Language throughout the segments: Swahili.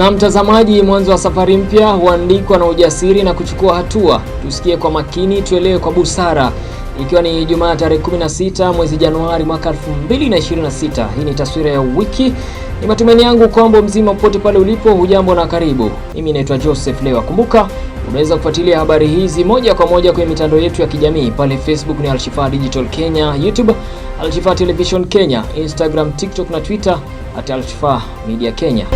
Na mtazamaji, mwanzo wa safari mpya huandikwa na ujasiri na kuchukua hatua. Tusikie kwa makini, tuelewe kwa busara. Ikiwa ni Ijumaa tarehe 16 mwezi Januari mwaka 2026, hii ni taswira ya wiki. Ni matumaini yangu kwamba mzima popote pale ulipo, hujambo na karibu. Mimi naitwa Joseph Lewa. Kumbuka unaweza kufuatilia habari hizi moja kwa moja kwenye mitandao yetu ya kijamii pale Facebook ni Alshifa Digital Kenya, YouTube Alshifa Television Kenya, Instagram, TikTok na Twitter at Alshifa Media Kenya.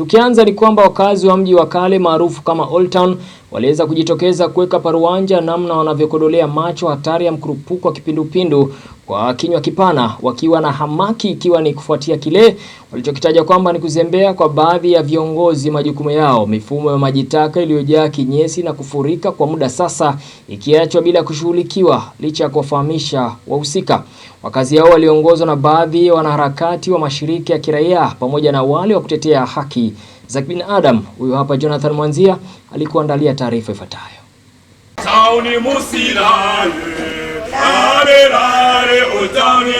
Tukianza ni kwamba wakazi wa mji wa kale maarufu kama Old Town waliweza kujitokeza kuweka paruanja namna wanavyokodolea macho hatari ya mkurupuko wa kipindupindu kwa kinywa kipana wakiwa na hamaki, ikiwa ni kufuatia kile walichokitaja kwamba ni kuzembea kwa baadhi ya viongozi majukumu yao. Mifumo ya maji taka iliyojaa kinyesi na kufurika kwa muda sasa ikiachwa bila kushughulikiwa licha ya kuwafahamisha wahusika. Wakazi hao waliongozwa na baadhi ya wanaharakati wa mashirika ya kiraia pamoja na wale wa kutetea haki za kibinadamu. huyu hapa Jonathan Mwanzia alikuandalia taarifa ifuatayo wakaazi utani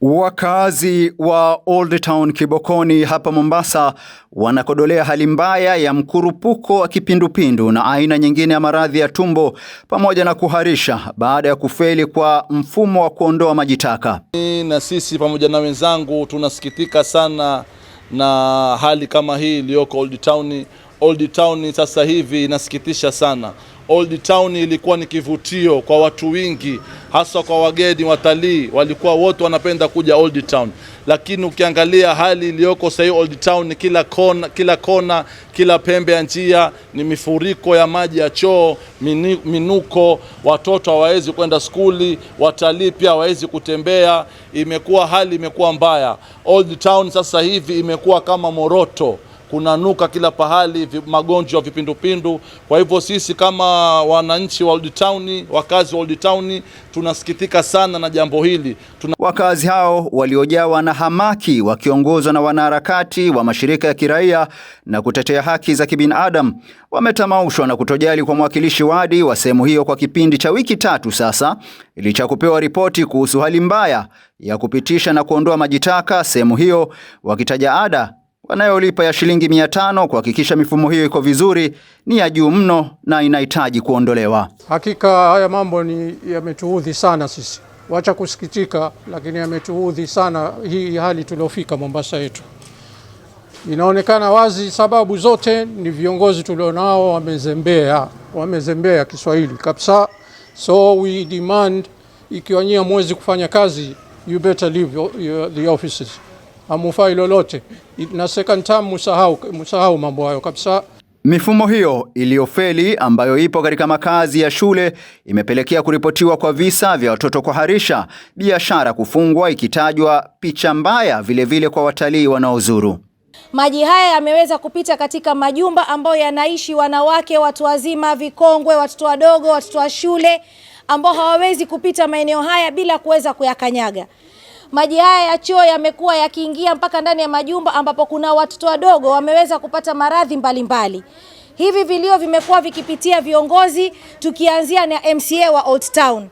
Wakazi wa Old Town Kibokoni hapa Mombasa wanakodolea hali mbaya ya mkurupuko wa kipindupindu na aina nyingine ya maradhi ya tumbo pamoja na kuharisha baada ya kufeli kwa mfumo wa kuondoa maji taka. Na sisi pamoja na wenzangu tunasikitika sana na hali kama hii iliyoko Old Town. Old Town sasa hivi inasikitisha sana. Old Town ilikuwa ni kivutio kwa watu wingi, hasa kwa wageni watalii, walikuwa wote wanapenda kuja Old Town, lakini ukiangalia hali iliyoko sasa hivi Old Town, kila kona, kila kona, kila pembe ya njia ni mifuriko ya maji ya choo, minuko, watoto hawawezi kwenda skuli, watalii pia hawawezi kutembea. Imekuwa hali imekuwa mbaya. Old Town sasa hivi imekuwa kama Moroto kuna nuka kila pahali, magonjwa vipindupindu. Kwa hivyo sisi kama wananchi wa Old Town, wakazi wa Old Town tunasikitika sana na jambo hili Tuna... wakazi hao waliojawa na hamaki wakiongozwa na wanaharakati wa mashirika ya kiraia na kutetea haki za kibinadamu wametamaushwa na kutojali kwa mwakilishi wadi wa sehemu hiyo kwa kipindi cha wiki tatu sasa, licha kupewa ripoti kuhusu hali mbaya ya kupitisha na kuondoa majitaka sehemu hiyo, wakitaja ada wanayolipa ya shilingi mia tano kuhakikisha mifumo hiyo iko vizuri ni ya juu mno na inahitaji kuondolewa. Hakika haya mambo ni yametuudhi sana sisi, wacha kusikitika, lakini yametuudhi sana hii hali tuliofika Mombasa yetu. Inaonekana wazi sababu zote ni viongozi tulionao wamezembea, wamezembea Kiswahili kabisa. So we demand ikiwanyia mwezi kufanya kazi, you better leave your, your, the offices hamufai lolote, na second term musahau, musahau mambo hayo kabisa. Mifumo hiyo iliyofeli ambayo ipo katika makazi ya shule imepelekea kuripotiwa kwa visa vya watoto kuharisha, biashara kufungwa, ikitajwa picha mbaya vilevile vile kwa watalii wanaozuru. Maji haya yameweza kupita katika majumba ambayo yanaishi wanawake, watu wazima, vikongwe, watoto wadogo, watoto wa shule ambao hawawezi kupita maeneo haya bila kuweza kuyakanyaga. Maji haya ya choo yamekuwa yakiingia mpaka ndani ya majumba ambapo kuna watoto wadogo wameweza kupata maradhi mbalimbali. Hivi vilio vimekuwa vikipitia viongozi, tukianzia na MCA wa Old Town.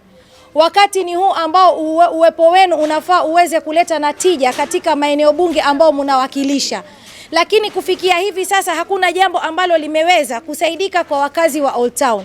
Wakati ni huu ambao uwe, uwepo wenu unafaa uweze kuleta natija katika maeneo bunge ambao mnawakilisha, lakini kufikia hivi sasa hakuna jambo ambalo limeweza kusaidika kwa wakazi wa Old Town.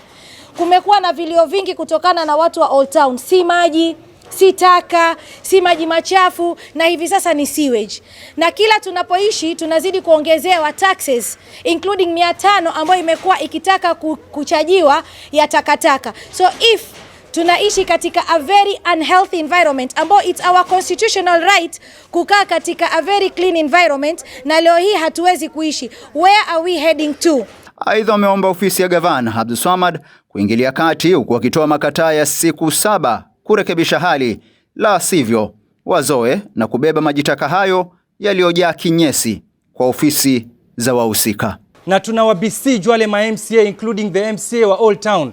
Kumekuwa na vilio vingi kutokana na watu wa Old Town, si maji si taka, si maji machafu, na hivi sasa ni sewage. Na kila tunapoishi tunazidi kuongezewa taxes including mia tano ambayo imekuwa ikitaka kuchajiwa ya takataka. So if tunaishi katika a very unhealthy environment ambao it's our constitutional right kukaa katika a very clean environment, na leo hii hatuwezi kuishi. Where are we heading to? Aidha, wameomba ofisi ya gavana Abdulswamad kuingilia kati huku wakitoa makataa ya siku saba kurekebisha hali, la sivyo wazoe na kubeba majitaka hayo yaliyojaa kinyesi kwa ofisi za wahusika. Na tuna wabisiju wale ma MCA including the MCA wa Old Town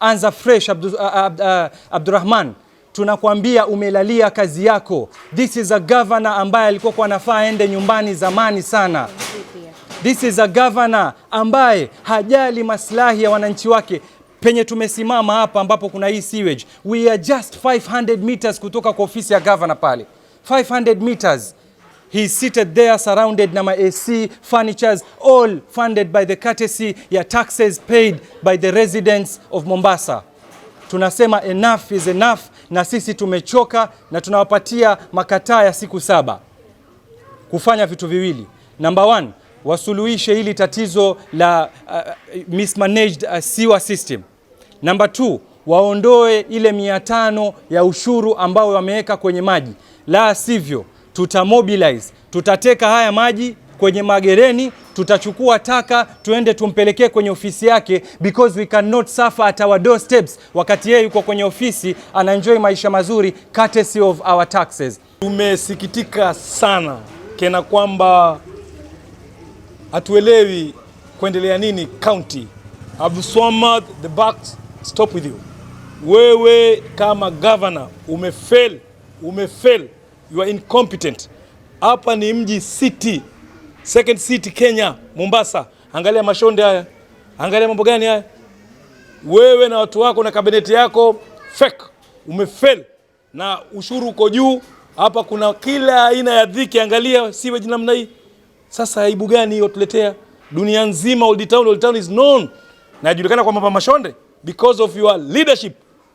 anza fresh Abdu, uh, uh, Abdurrahman tunakwambia umelalia kazi yako. This is a governor ambaye alikuwa kwa nafaa aende nyumbani zamani sana. This is a governor ambaye hajali maslahi ya wananchi wake penye tumesimama hapa ambapo kuna hii sewage, we are just 500 meters kutoka kwa ofisi ya governor pale, 500 meters he seated there surrounded na ma AC furnitures all funded by the courtesy ya taxes paid by the residents of Mombasa. Tunasema enough is enough, na sisi tumechoka, na tunawapatia makataa ya siku saba kufanya vitu viwili. Number one, wasuluhishe hili tatizo la uh, mismanaged uh, sewer system. Namba 2 waondoe ile mia tano ya ushuru ambao wameweka kwenye maji, la sivyo tutamobilize, tutateka haya maji kwenye magereni, tutachukua taka tuende tumpelekee kwenye ofisi yake, because we cannot suffer at our doorsteps, wakati yeye yuko kwenye ofisi anaenjoy maisha mazuri courtesy of our taxes. Tumesikitika sana kena kwamba hatuelewi kuendelea nini county. Abdulswamad, the buck stop with you. Wewe kama governor umefail, umefail, you are incompetent. Hapa ni mji city, second city Kenya, Mombasa. Angalia mashonde haya, angalia mambo gani haya. Wewe na watu wako na kabineti yako fake, umefail na ushuru uko juu. Hapa kuna kila aina ya dhiki, angalia siwe namna hii. Sasa aibu gani hiyo tuletea? Dunia nzima Old Town, Old Town is known na inajulikana kwa mama mashonde because of your leadership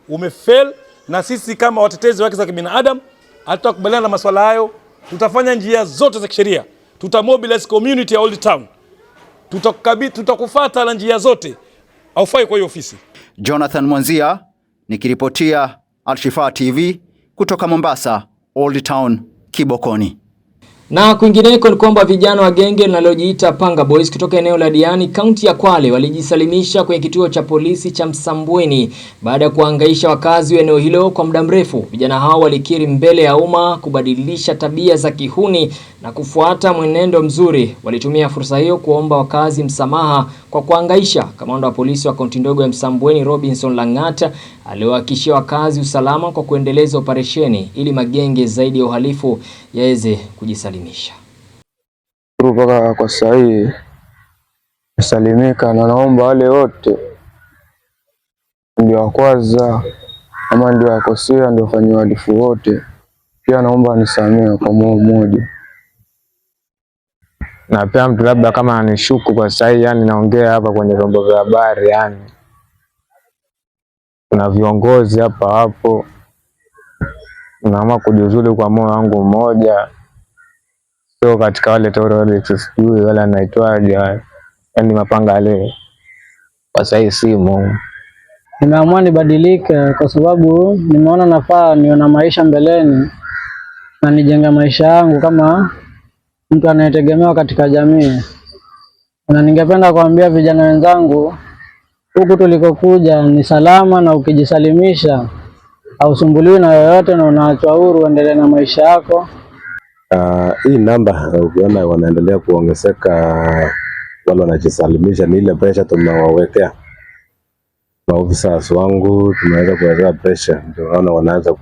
umefail, na sisi kama watetezi wa haki za kibinadamu hatutakubaliana na masuala hayo. Tutafanya njia zote za kisheria, tutamobilize community ya Old Town, tutakukabidhi, tutakufuata na njia zote, haufai kwa hiyo ofisi. Jonathan Mwanzia nikiripotia Alshifa TV kutoka Mombasa, Old Town Kibokoni. Na kwingineko ni kwamba vijana wa genge linalojiita Panga Boys kutoka eneo la Diani, kaunti ya Kwale walijisalimisha kwenye kituo cha polisi cha Msambweni baada ya kuangaisha wakazi wa eneo hilo kwa muda mrefu. Vijana hao walikiri mbele ya umma kubadilisha tabia za kihuni na kufuata mwenendo mzuri. Walitumia fursa hiyo kuomba wakazi msamaha kwa kuangaisha. Kamanda wa polisi wa kaunti ndogo ya Msambweni, Robinson Lang'ata, aliwahakikishia wakazi usalama kwa kuendeleza operesheni ili magenge zaidi ya uhalifu yaweze kujisalimisha. Mpaka kwa saa hii salimika, na naomba wale wote ndio wa kwanza ama ndio wakosea ndio wafanyia uhalifu wote, pia naomba nisamehe kwa moyo mmoja na pia mtu labda kama anishuku kwa sahii, yani naongea hapa kwenye vyombo vya habari yani kuna viongozi hapa hapo, naamua kujiuzulu kwa moyo wangu mmoja, sio katika wale terrorist sijui wala naitwaje, yani mapanga ale kwa sahii simu. Nimeamua nibadilike kwa sababu nimeona nafaa niona maisha mbeleni na nijenge maisha yangu kama mtu anayetegemewa katika jamii, na ningependa kuambia vijana wenzangu huku tulikokuja ni salama, na ukijisalimisha hausumbuliwi na yoyote, na unaachwa huru uendelee na maisha yako. Uh, hii namba ukiona wanaendelea kuongezeka wale wanajisalimisha, ni ile presha tunawawekea maofisas wangu, tunaweza kuwezea presha, ndio naona wanaanza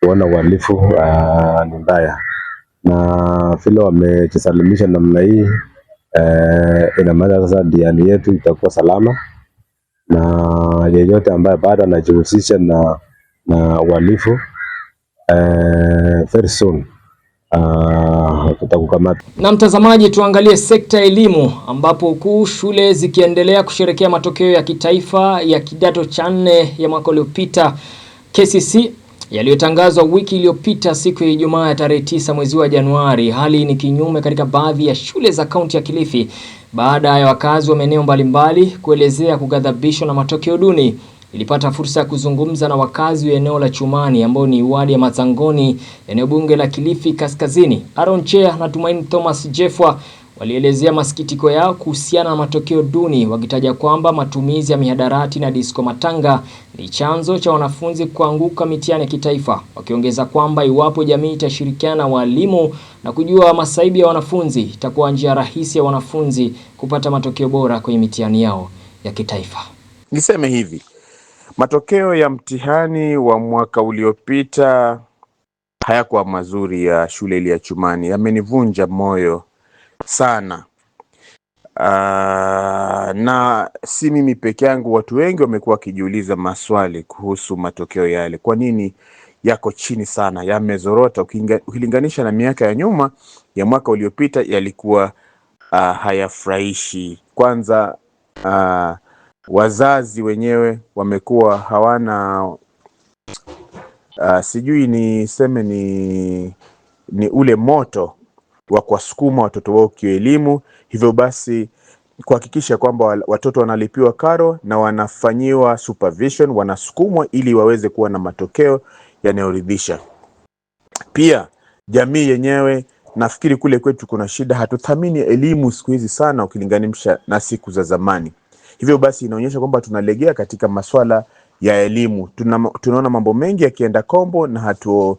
kuona uhalifu uh, ni mbaya na vile wamejisalimisha namna hii, uh, ina maana sasa diani yetu itakuwa salama na yeyote ambaye bado anajihusisha na na uhalifu eh, very soon ah, tutakukamata. Uh, na mtazamaji, tuangalie sekta ya elimu ambapo huku shule zikiendelea kusherekea matokeo ya kitaifa ya kidato cha nne ya mwaka uliopita kcc yaliyotangazwa wiki iliyopita siku ya Ijumaa ya tarehe 9 mwezi wa Januari. Hali ni kinyume katika baadhi ya shule za kaunti ya Kilifi baada ya wakazi wa maeneo mbalimbali kuelezea kughadhabishwa na matokeo duni. Nilipata fursa ya kuzungumza na wakazi wa eneo la Chumani ambao ni wadi ya Matsangoni, eneo bunge la Kilifi Kaskazini. Aaron Chea na Tumaini Thomas Jefwa walielezea masikitiko yao kuhusiana na matokeo duni, wakitaja kwamba matumizi ya mihadarati na disko matanga ni chanzo cha wanafunzi kuanguka mitihani ya kitaifa, wakiongeza kwamba iwapo jamii itashirikiana na walimu na kujua masaibu ya wanafunzi, itakuwa njia rahisi ya wanafunzi kupata matokeo bora kwenye mitihani yao ya kitaifa. Niseme hivi, matokeo ya mtihani wa mwaka uliopita hayakuwa mazuri ya shule ile ya Chumani, yamenivunja moyo sana. Uh, na si mimi peke yangu, watu wengi wamekuwa wakijiuliza maswali kuhusu matokeo yale, kwa nini yako chini sana, yamezorota ukilinganisha na miaka ya nyuma ya mwaka uliopita, yalikuwa uh, hayafurahishi. Kwanza uh, wazazi wenyewe wamekuwa hawana uh, sijui niseme ni, ni ule moto wa kuwasukuma watoto wao kielimu, hivyo basi kuhakikisha kwamba watoto wanalipiwa karo na wanafanyiwa supervision, wanasukumwa ili waweze kuwa na matokeo yanayoridhisha. Pia jamii yenyewe nafikiri kule kwetu kuna shida, hatuthamini elimu siku hizi sana ukilinganisha na siku za zamani. Hivyo basi inaonyesha kwamba tunalegea katika maswala ya elimu. Tuna, tunaona mambo mengi yakienda kombo na hatu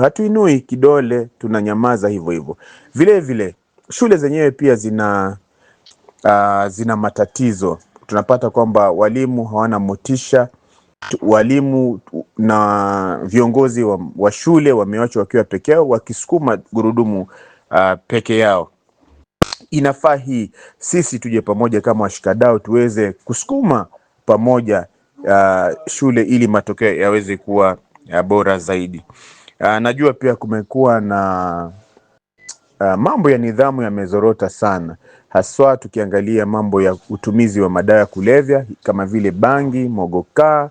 hatuinui kidole, tunanyamaza hivyo hivyo. Vile vile shule zenyewe pia zina uh, zina matatizo. Tunapata kwamba walimu hawana motisha, walimu na viongozi wa, wa shule wamewachwa wakiwa peke yao, wakisukuma gurudumu uh, peke yao. Inafaa hii sisi tuje pamoja kama washikadau tuweze kusukuma pamoja uh, shule ili matokeo yaweze kuwa ya bora zaidi. Uh, najua pia kumekuwa na uh, mambo ya nidhamu yamezorota sana, haswa tukiangalia mambo ya utumizi wa madawa ya kulevya kama vile bangi, mogokaa,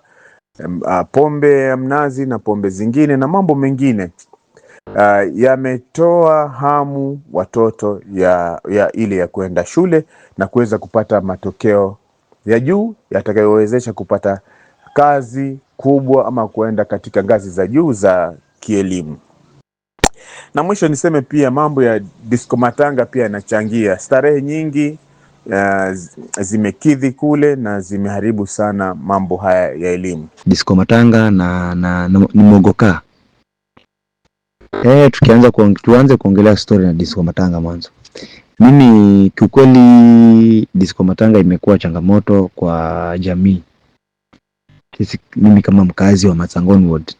uh, pombe ya mnazi na pombe zingine na mambo mengine uh, yametoa hamu watoto ya, ya ile ya kwenda shule na kuweza kupata matokeo ya juu yatakayowezesha kupata kazi kubwa ama kuenda katika ngazi za juu za kielimu. Na mwisho niseme pia mambo ya disco matanga pia yanachangia. Starehe nyingi uh, zimekidhi kule na zimeharibu sana mambo haya ya elimu. Disco matanga na, na, na ni mogoka eh, tukianza tuanze kuongelea story na disco matanga mwanzo. Mimi kiukweli, disco matanga imekuwa changamoto kwa jamii. Sisi, mimi kama mkazi wa Matsangoni Ward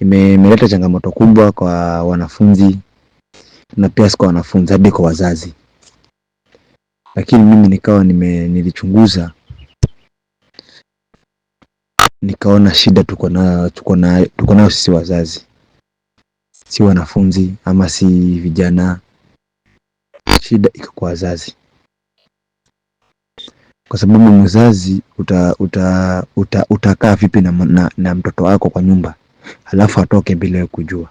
imeleta changamoto kubwa kwa wanafunzi na pia kwa wanafunzi, hadi kwa wazazi. Lakini mimi nikawa nime, nilichunguza nikaona shida tuko nayo tuko nayo tuko nayo sisi wazazi, si wanafunzi ama si vijana. Shida iko kwa wazazi, kwa sababu mzazi uta, uta, uta, utakaa vipi na, na, na mtoto wako kwa nyumba alafu atoke bila kujua.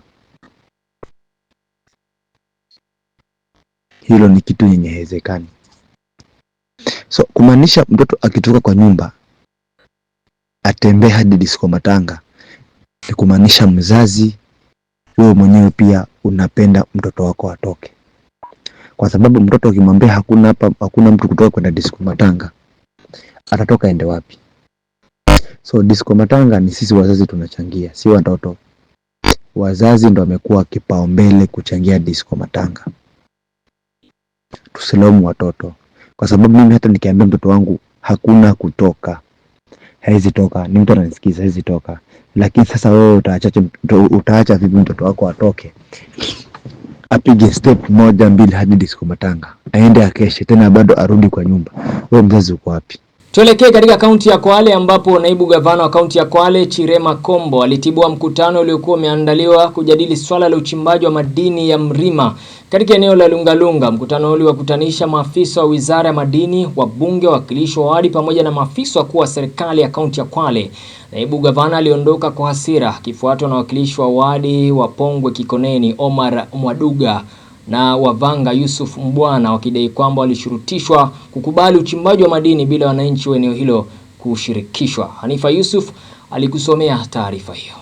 Hilo ni kitu yenye hezekani. So kumaanisha mtoto akitoka kwa nyumba atembee hadi disko matanga ni kumaanisha mzazi, wewe mwenyewe pia unapenda mtoto wako atoke, kwa sababu mtoto ukimwambia hakuna hapa, hakuna mtu kutoka kwenda disko matanga, atatoka ende wapi? So disco matanga ni sisi wazazi tunachangia, si watoto. Wazazi ndo wamekuwa kipaumbele kuchangia disco matanga. Tusilomu watoto, kwa sababu mimi hata nikiambia mtoto wangu hakuna kutoka, haizi toka, ni mtu ananisikiza, haizi toka. Lakini sasa wewe utaacha, utaacha vipi mtoto wako atoke, apige step moja mbili hadi disco matanga, aende akeshe tena, bado arudi kwa nyumba? Wewe mzazi uko wapi? Tuelekee katika kaunti ya Kwale ambapo naibu gavana wa kaunti ya Kwale Chirema Kombo alitibua mkutano uliokuwa umeandaliwa kujadili swala la uchimbaji wa madini ya Mrima katika eneo la Lungalunga. Mkutano uliwakutanisha maafisa wa wizara ya madini, wabunge, wawakilishi wa wadi pamoja na maafisa wakuu wa serikali ya kaunti ya Kwale. Naibu gavana aliondoka kwa hasira akifuatwa na wawakilishi wa wadi wa Pongwe Kikoneni, Omar Mwaduga na Wavanga Yusuf Mbwana wakidai kwamba walishurutishwa kukubali uchimbaji wa madini bila wananchi wa eneo hilo kushirikishwa. Hanifa Yusuf alikusomea taarifa hiyo.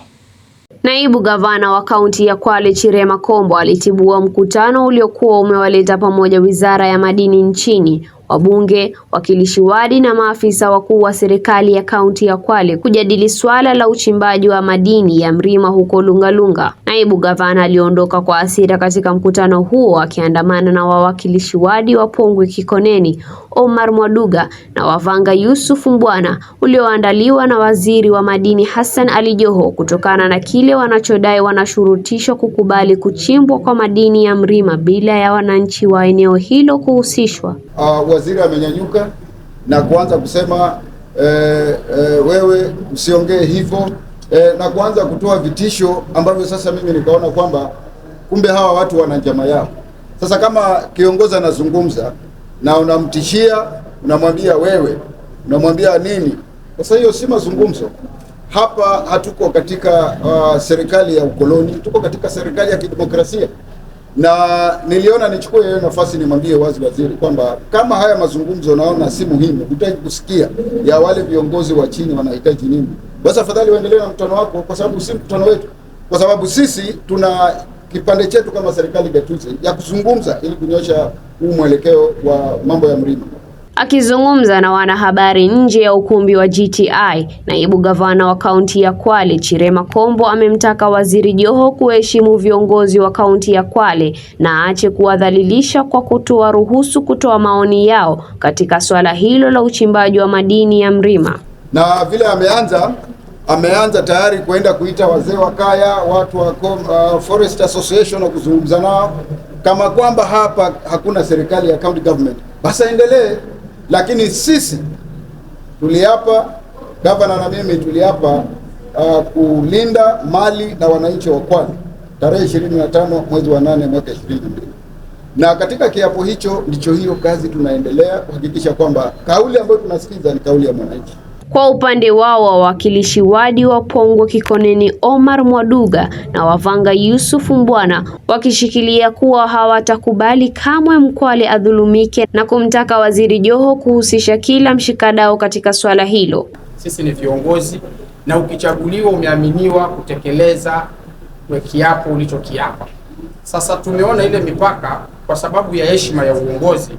Naibu gavana wa kaunti ya Kwale Chirema Kombo alitibua mkutano uliokuwa umewaleta pamoja wizara ya madini nchini wabunge, wakilishi wadi na maafisa wakuu wa serikali ya kaunti ya Kwale kujadili swala la uchimbaji wa madini ya Mrima huko Lungalunga. Naibu gavana aliondoka kwa hasira katika mkutano huo akiandamana na wawakilishi wadi wa Pongwe Kikoneni, Omar Mwaduga na Wavanga Yusuf Mbwana, ulioandaliwa na waziri wa madini Hassan Ali Joho kutokana na kile wanachodai wanashurutishwa kukubali kuchimbwa kwa madini ya Mrima bila ya wananchi wa eneo hilo kuhusishwa uh, waziri amenyanyuka na kuanza kusema e, e, wewe usiongee hivyo e, na kuanza kutoa vitisho ambavyo sasa mimi nikaona kwamba kumbe hawa watu wana njama yao. Sasa kama kiongozi anazungumza na unamtishia, unamwambia wewe, unamwambia nini? Sasa hiyo si mazungumzo. Hapa hatuko katika uh, serikali ya ukoloni, tuko katika serikali ya kidemokrasia na niliona nichukue hiyo nafasi nimwambie wazi waziri kwamba kama haya mazungumzo naona si muhimu, hutaki kusikia ya wale viongozi wa chini wanahitaji nini, basi afadhali waendelee na mkutano wako, kwa sababu si mkutano wetu, kwa sababu sisi tuna kipande chetu kama serikali gatuzi ya kuzungumza ili kunyosha huu mwelekeo wa mambo ya mlima. Akizungumza na wanahabari nje ya ukumbi wa GTI, naibu gavana wa kaunti ya Kwale Chirema Kombo amemtaka Waziri Joho kuheshimu viongozi wa kaunti ya Kwale na aache kuwadhalilisha kwa kutowaruhusu kutoa maoni yao katika swala hilo la uchimbaji wa madini ya Mrima. Na vile ameanza ameanza tayari kuenda kuita wazee wa kaya, watu wa uh, Forest Association kuzungumza nao kama kwamba hapa hakuna serikali ya county government, basi aendelee lakini sisi tuliapa, gavana na mimi tuliapa uh, kulinda mali na wananchi wa Kwale tarehe 25 mwezi wa 8 mwaka 2022. na katika kiapo hicho ndicho hiyo kazi tunaendelea kuhakikisha kwamba kauli ambayo tunasikiza ni kauli ya mwananchi. Kwa upande wao wawakilishi wadi wa Pongwe Kikoneni Omar Mwaduga na Wavanga Yusuf Mbwana wakishikilia kuwa hawatakubali kamwe Mkwale adhulumike na kumtaka Waziri Joho kuhusisha kila mshikadao katika swala hilo. Sisi ni viongozi na ukichaguliwa umeaminiwa kutekeleza we kiapo ulichokiapa. Sasa tumeona ile mipaka kwa sababu ya heshima ya uongozi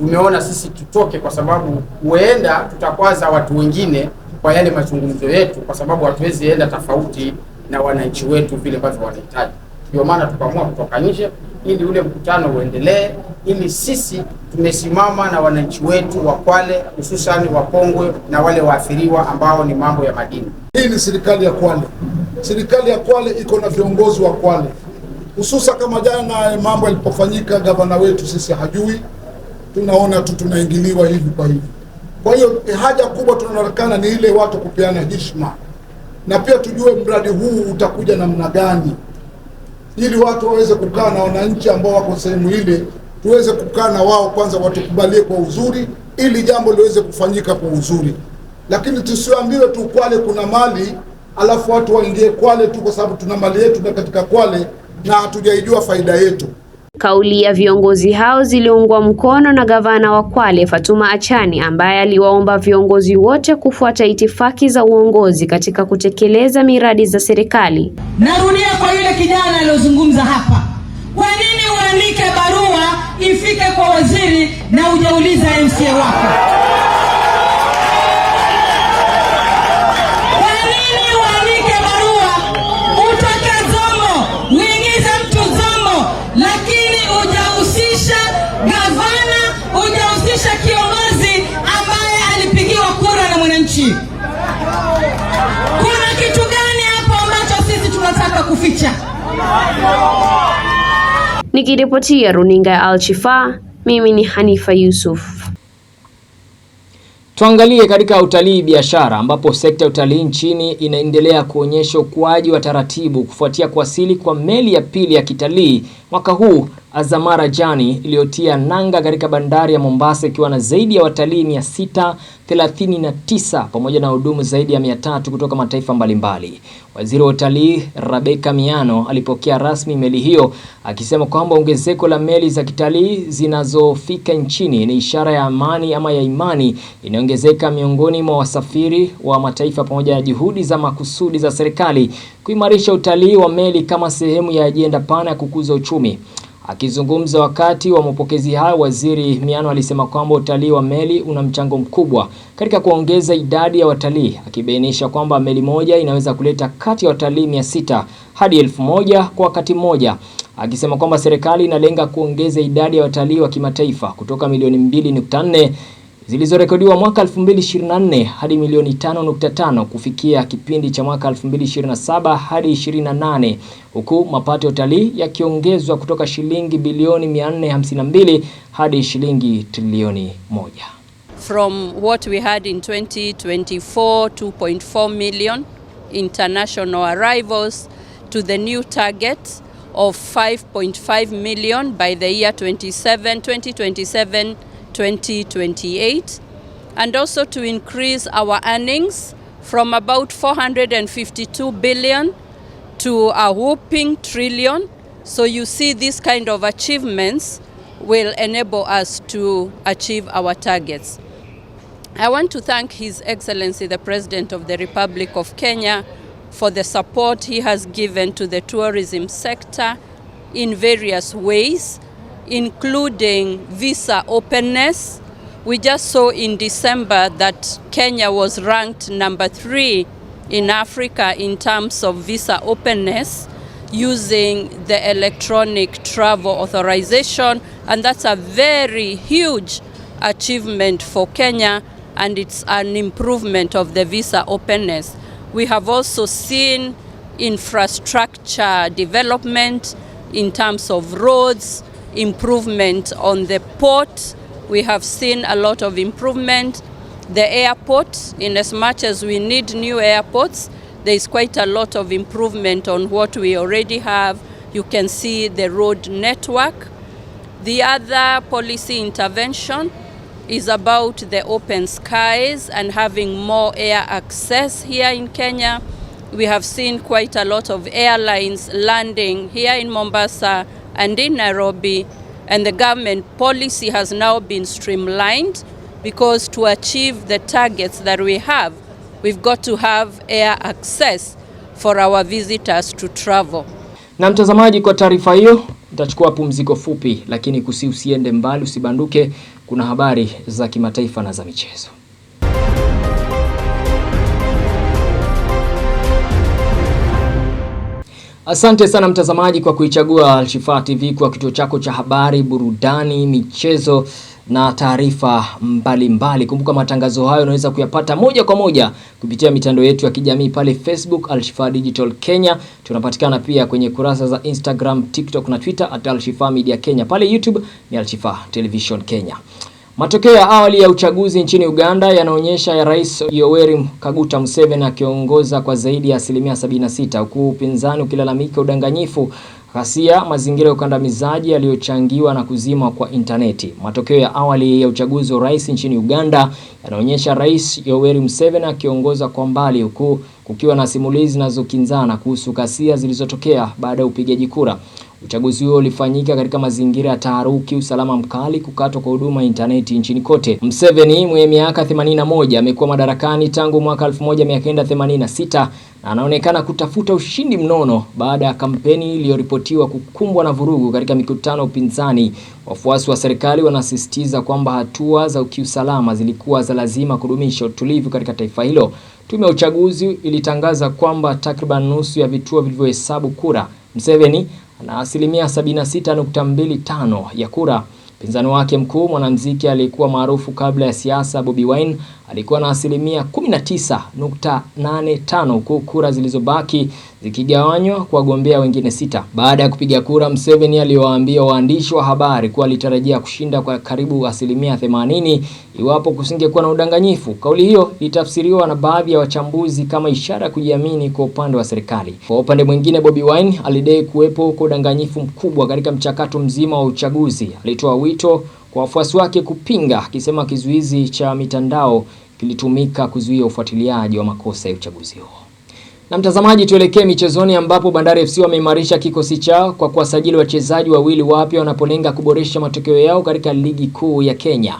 tumeona sisi tutoke, kwa sababu huenda tutakwaza watu wengine kwa yale mazungumzo yetu, kwa sababu hatuwezi enda tofauti na wananchi wetu vile ambavyo wanahitaji. Ndio maana tukaamua kutoka nje ili ule mkutano uendelee, ili sisi tumesimama na wananchi wetu wa Kwale, hususan wa Kongwe na wale waathiriwa ambao ni mambo ya madini. Hii ni serikali ya Kwale. Serikali ya Kwale iko na viongozi wa Kwale, hususa kama jana mambo yalipofanyika, gavana wetu sisi hajui tunaona tu tunaingiliwa hivi kwa hivi. Kwa hiyo eh, haja kubwa tunaonekana ni ile watu kupeana heshima, na pia tujue mradi huu utakuja namna gani, ili watu waweze kukaa na wananchi ambao wako sehemu ile, tuweze kukaa na wao kwanza, watukubalie kwa uzuri, ili jambo liweze kufanyika kwa uzuri, lakini tusiambiwe tu Kwale kuna mali alafu watu waingie Kwale tu kwa sababu tuna mali yetu na katika Kwale na hatujaijua faida yetu. Kauli ya viongozi hao ziliungwa mkono na Gavana wa Kwale Fatuma Achani ambaye aliwaomba viongozi wote kufuata itifaki za uongozi katika kutekeleza miradi za serikali. Narudia kwa yule kijana aliyozungumza hapa, kwa nini uandike barua ifike kwa waziri na hujauliza MCA wako? Nikiripotia runinga ya Al mimi ni Hanifa Yusuf. Tuangalie katika utalii biashara, ambapo sekta ya utalii nchini inaendelea kuonyesha ukuaji wa taratibu kufuatia kuwasili kwa meli ya pili ya kitalii mwaka huu Azamara Jani iliyotia nanga katika bandari ya Mombasa ikiwa na zaidi ya watalii 639 pamoja na hudumu zaidi ya 300 kutoka mataifa mbalimbali. Waziri wa Utalii Rebecca Miano alipokea rasmi meli hiyo akisema kwamba ongezeko la meli za kitalii zinazofika nchini ni ishara ya amani ama ya imani inayoongezeka miongoni mwa wasafiri wa mataifa pamoja na juhudi za makusudi za serikali kuimarisha utalii wa meli kama sehemu ya ajenda pana ya kukuza uchumi. Akizungumza wakati wa mapokezi hayo, Waziri Miano alisema kwamba utalii wa meli una mchango mkubwa katika kuongeza idadi ya watalii, akibainisha kwamba meli moja inaweza kuleta kati ya watalii mia sita hadi elfu moja kwa wakati mmoja, akisema kwamba serikali inalenga kuongeza idadi ya watalii wa kimataifa kutoka milioni mbili nukta nne zilizorekodiwa mwaka 2024 hadi milioni 5.5 kufikia kipindi cha mwaka 2027 hadi 28, huku mapato ya utalii yakiongezwa kutoka shilingi bilioni 452 hadi shilingi trilioni moja. From what we had in 2024, 2.4 million international arrivals to the new target of 5.5 million by the year 27, 2027 2028 and also to increase our earnings from about 452 billion to a whopping trillion. So you see these kind of achievements will enable us to achieve our targets. I want to thank His Excellency the President of the Republic of Kenya for the support he has given to the tourism sector in various ways including visa openness. We just saw in December that Kenya was ranked number three in Africa in terms of visa openness using the electronic travel authorization, and that's a very huge achievement for Kenya, and it's an improvement of the visa openness. We have also seen infrastructure development in terms of roads, improvement on the port. We have seen a lot of improvement. The airport, in as much as we need new airports, there is quite a lot of improvement on what we already have. You can see the road network. The other policy intervention is about the open skies and having more air access here in Kenya. We have seen quite a lot of airlines landing here in Mombasa and in Nairobi and the government policy has now been streamlined because to achieve the targets that we have we've got to have air access for our visitors to travel. Na mtazamaji, kwa taarifa hiyo nitachukua pumziko fupi, lakini kusi usiende mbali, usibanduke. Kuna habari za kimataifa na za michezo. Asante sana mtazamaji kwa kuichagua alshifa TV kwa kituo chako cha habari, burudani, michezo na taarifa mbalimbali. Kumbuka matangazo hayo unaweza kuyapata moja kwa moja kupitia mitandao yetu ya kijamii pale Facebook Alshifa Digital Kenya. Tunapatikana pia kwenye kurasa za Instagram, TikTok na Twitter at Alshifa Media Kenya. Pale YouTube ni Alshifa Television Kenya. Matokeo ya awali ya uchaguzi nchini Uganda yanaonyesha ya Rais Yoweri Kaguta Museveni akiongoza kwa zaidi ya asilimia 76 huku upinzani ukilalamika udanganyifu, ghasia, mazingira ya ukandamizaji yaliyochangiwa na kuzima kwa intaneti. Matokeo ya awali ya uchaguzi wa urais nchini Uganda yanaonyesha Rais Yoweri Museveni akiongoza kwa mbali huku kukiwa na simulizi zinazokinzana kuhusu ghasia zilizotokea baada ya upigaji kura. Uchaguzi huo ulifanyika katika mazingira ya taharuki, usalama mkali, kukatwa kwa huduma ya intaneti nchini kote. Mseveni mwenye miaka 81 amekuwa madarakani tangu mwaka 1986 na anaonekana kutafuta ushindi mnono baada ya kampeni iliyoripotiwa kukumbwa na vurugu katika mikutano ya upinzani. Wafuasi wa serikali wanasisitiza kwamba hatua za kiusalama zilikuwa za lazima kudumisha utulivu katika taifa hilo. Tume ya uchaguzi ilitangaza kwamba takriban nusu ya vituo vilivyohesabu kura Mseveni na asilimia 76.25 ya kura Mpinzani wake mkuu mwanamuziki aliyekuwa maarufu kabla ya siasa Bobi Wine alikuwa na asilimia 19.85 huku kura zilizobaki zikigawanywa kwa wagombea wengine sita. Baada ya kupiga kura, Museveni aliwaambia waandishi wa habari kuwa alitarajia kushinda kwa karibu asilimia 80 iwapo kusingekuwa na udanganyifu. Kauli hiyo ilitafsiriwa na baadhi ya wachambuzi kama ishara ya kujiamini kwa upande wa serikali. Kwa upande mwingine, Bobi Wine alidai kuwepo kwa udanganyifu mkubwa katika mchakato mzima wa uchaguzi. Alitoa wito kwa wafuasi wake kupinga, akisema kizuizi cha mitandao kilitumika kuzuia ufuatiliaji wa makosa ya uchaguzi huo. Na mtazamaji, tuelekee michezoni ambapo Bandari FC wameimarisha kikosi chao kwa kuwasajili wachezaji wawili wapya wanapolenga kuboresha matokeo yao katika ligi kuu ya Kenya.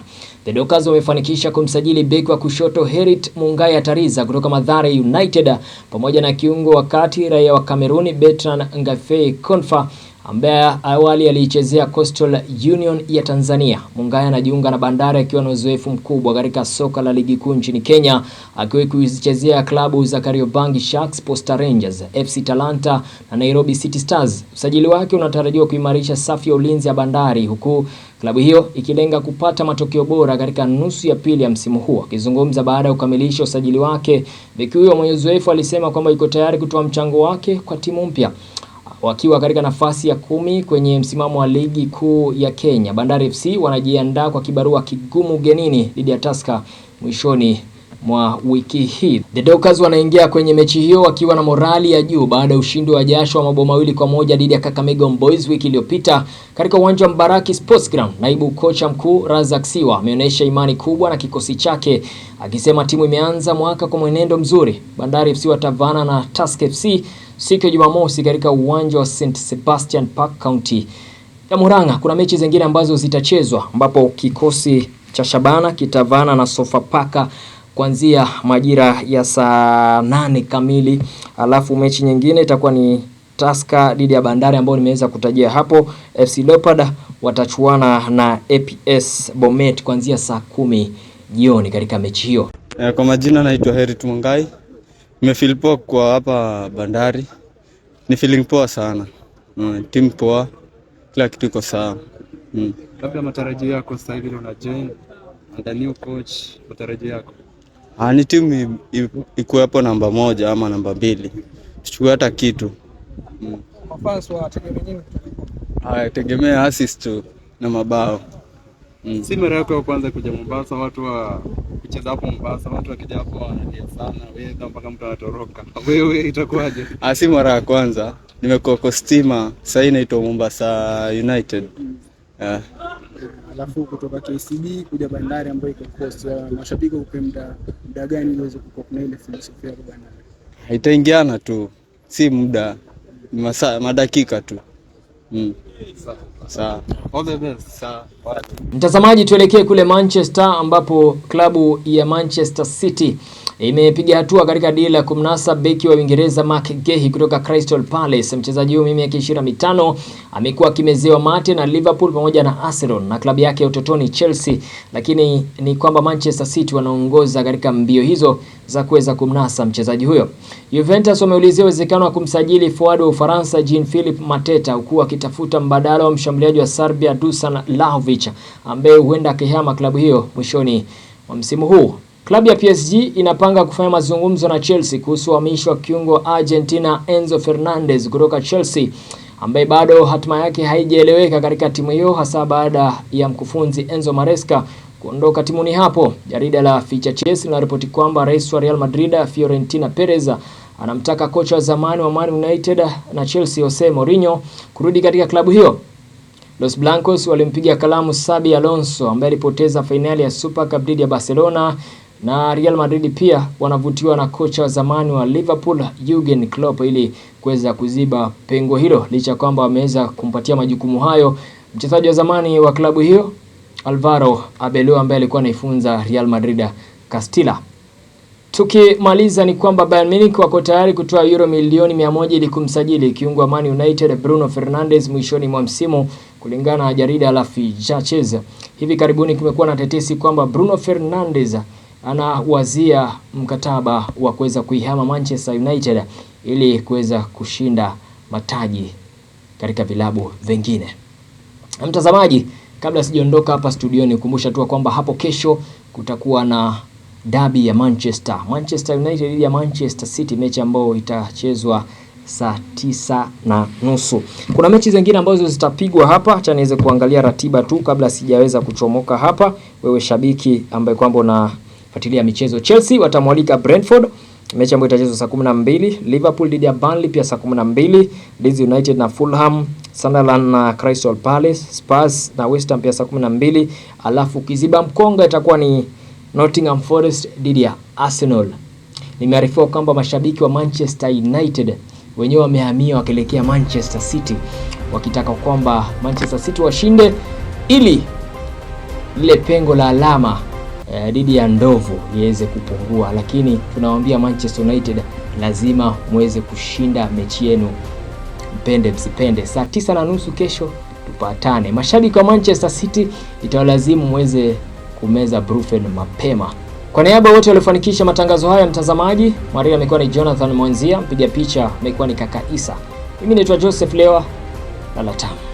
The Dockers wamefanikisha kumsajili beki wa kushoto Herit Mungai Atariza kutoka Mathare United pamoja na kiungo wa kati raia wa Kameruni Bertrand Ngafei Konfa ambaye awali aliichezea Coastal Union ya Tanzania. Mungaya anajiunga na Bandari akiwa na uzoefu mkubwa katika soka la ligi kuu nchini Kenya, akiwa kuzichezea klabu za Kariobangi Sharks, Posta Rangers, FC Talanta na Nairobi City Stars. Usajili wake unatarajiwa kuimarisha safu ya ulinzi ya Bandari huku klabu hiyo ikilenga kupata matokeo bora katika nusu ya pili ya msimu huu. Akizungumza baada ya kukamilisha usajili wake, beki huyo mwenye uzoefu alisema kwamba yuko tayari kutoa mchango wake kwa timu mpya wakiwa katika nafasi ya kumi kwenye msimamo wa ligi kuu ya Kenya. Bandari FC wanajiandaa kwa kibarua kigumu ugenini dhidi ya Tusker mwishoni mwa wiki hii. The Dockers wanaingia kwenye mechi hiyo wakiwa na morali ya juu baada ya ushindi wa jasho wa mabao mawili kwa moja dhidi ya Kakamega Boys wiki iliyopita katika uwanja wa Mbaraki Sports Ground. Naibu kocha mkuu Razak Siwa ameonyesha imani kubwa na kikosi chake akisema timu imeanza mwaka kwa mwenendo mzuri. Bandari FC watavana na Tusker FC siku ya Jumamosi katika uwanja wa St Sebastian Park County ya Murang'a. Kuna mechi zingine ambazo zitachezwa ambapo kikosi cha Shabana kitavana na Sofapaka kuanzia majira ya saa nane kamili, alafu mechi nyingine itakuwa ni Taska dhidi ya Bandari ambayo nimeweza kutajia hapo. FC Leopard watachuana na APS Bomet kuanzia saa kumi jioni katika mechi hiyo. Eh, kwa majina naitwa Heri Tumangai. Nimefeel poa kwa hapa Bandari, ni feeling poa sana mm, team poa, kila kitu iko sawa mm. Labda matarajio yako sasa hivi na join and the new coach, matarajio yako ah, ni timu ikuwepo namba moja ama namba mbili, tuchukue hata kitu mm. Tegemea assist tu na mabao Mm. Si mara yako ya kwanza kuja Mombasa, watu wa kucheza hapo Mombasa, watu wakija hapo wanalia sana wewe, mpaka mtu anatoroka. Wewe itakuwaje? Ah, si mara ya kwanza nimekuwa kwa stima, sasa inaitwa Mombasa United. Yeah. Alafu kutoka KCB kuja Bandari ambayo iko coast, mashabiki hupenda muda gani uweze kukopa kuna ile filosofia ya Bandari? Itaingiana tu, si muda, ni masaa madakika tu mm. Mtazamaji, tuelekee kule Manchester ambapo klabu ya Manchester City imepiga hatua katika dili la kumnasa beki wa Uingereza Mark Gehi kutoka Crystal Palace. Mchezaji huyo mwenye miaka 25 amekuwa akimezewa mate na Liverpool pamoja na Arsenal na klabu yake ya utotoni Chelsea, lakini ni kwamba Manchester City wanaongoza katika mbio hizo za kuweza kumnasa mchezaji huyo. Juventus wameulizia uwezekano wa kumsajili forward wa Ufaransa Jean-Philippe Mateta huku akitafuta mbadala wa mshambuliaji wa Serbia Dusan Lahovic ambaye huenda akihama klabu hiyo mwishoni wa msimu huu. Klabu ya PSG inapanga kufanya mazungumzo na Chelsea kuhusu uhamisho wa kiungo wa Argentina Enzo Fernandez kutoka Chelsea ambaye bado hatima yake haijaeleweka katika timu hiyo hasa baada ya mkufunzi Enzo Maresca kuondoka timuni hapo. Jarida la Ficha Chess linaripoti kwamba rais wa Real Madrid Fiorentina Perez anamtaka kocha wa zamani wa Man United na Chelsea Jose Mourinho kurudi katika klabu hiyo. Los Blancos walimpiga kalamu sabi Alonso ambaye alipoteza fainali ya Super Cup dhidi ya Barcelona na Real Madrid pia wanavutiwa na kocha wa zamani wa Liverpool Jurgen Klopp ili kuweza kuziba pengo hilo, licha kwamba wameweza kumpatia majukumu hayo mchezaji wa zamani wa klabu hiyo Alvaro Abelo ambaye alikuwa anaifunza Real Madrid Castilla. Tukimaliza ni kwamba Bayern Munich wako tayari kutoa euro milioni 100 ili kumsajili kiungo wa Man United Bruno Fernandes mwishoni mwa msimu, kulingana na jarida la Fijaches. Hivi karibuni kumekuwa na tetesi kwamba Bruno Fernandes anawazia mkataba wa kuweza kuihama Manchester United ili kuweza kushinda mataji katika vilabu vingine. Mtazamaji, kabla sijaondoka hapa studio, ni kumbusha tu kwamba hapo kesho kutakuwa na dabi ya Manchester, Manchester United dhidi ya Manchester City, mechi ambayo itachezwa saa tisa na nusu. Kuna mechi zingine ambazo zitapigwa hapa, acha niweze kuangalia ratiba tu kabla sijaweza kuchomoka hapa. Wewe shabiki ambaye kwamba una fuatilia michezo. Chelsea watamwalika Brentford, mechi ambayo itachezwa saa 12. Liverpool dhidi ya Burnley pia saa 12. Leeds United na Fulham, Sunderland na Crystal Palace, Spurs na West Ham pia saa 12, alafu kiziba mkonga itakuwa ni Nottingham Forest dhidi ya Arsenal. Nimearifiwa kwamba mashabiki wa Manchester United wenyewe wamehamia wakielekea Manchester City wakitaka kwamba Manchester City washinde ili lile pengo la alama Eh, dhidi ya ndovu iweze kupungua, lakini tunawaambia Manchester United lazima muweze kushinda mechi yenu, mpende msipende. Saa tisa na nusu kesho tupatane. Mashabiki wa Manchester City itawalazimu muweze kumeza Brufen mapema. Kwa niaba wote waliofanikisha matangazo haya, mtazamaji Maria amekuwa ni Jonathan Mwanzia, mpiga picha amekuwa ni kaka Isa, mimi naitwa Joseph Lewa, lala tamu.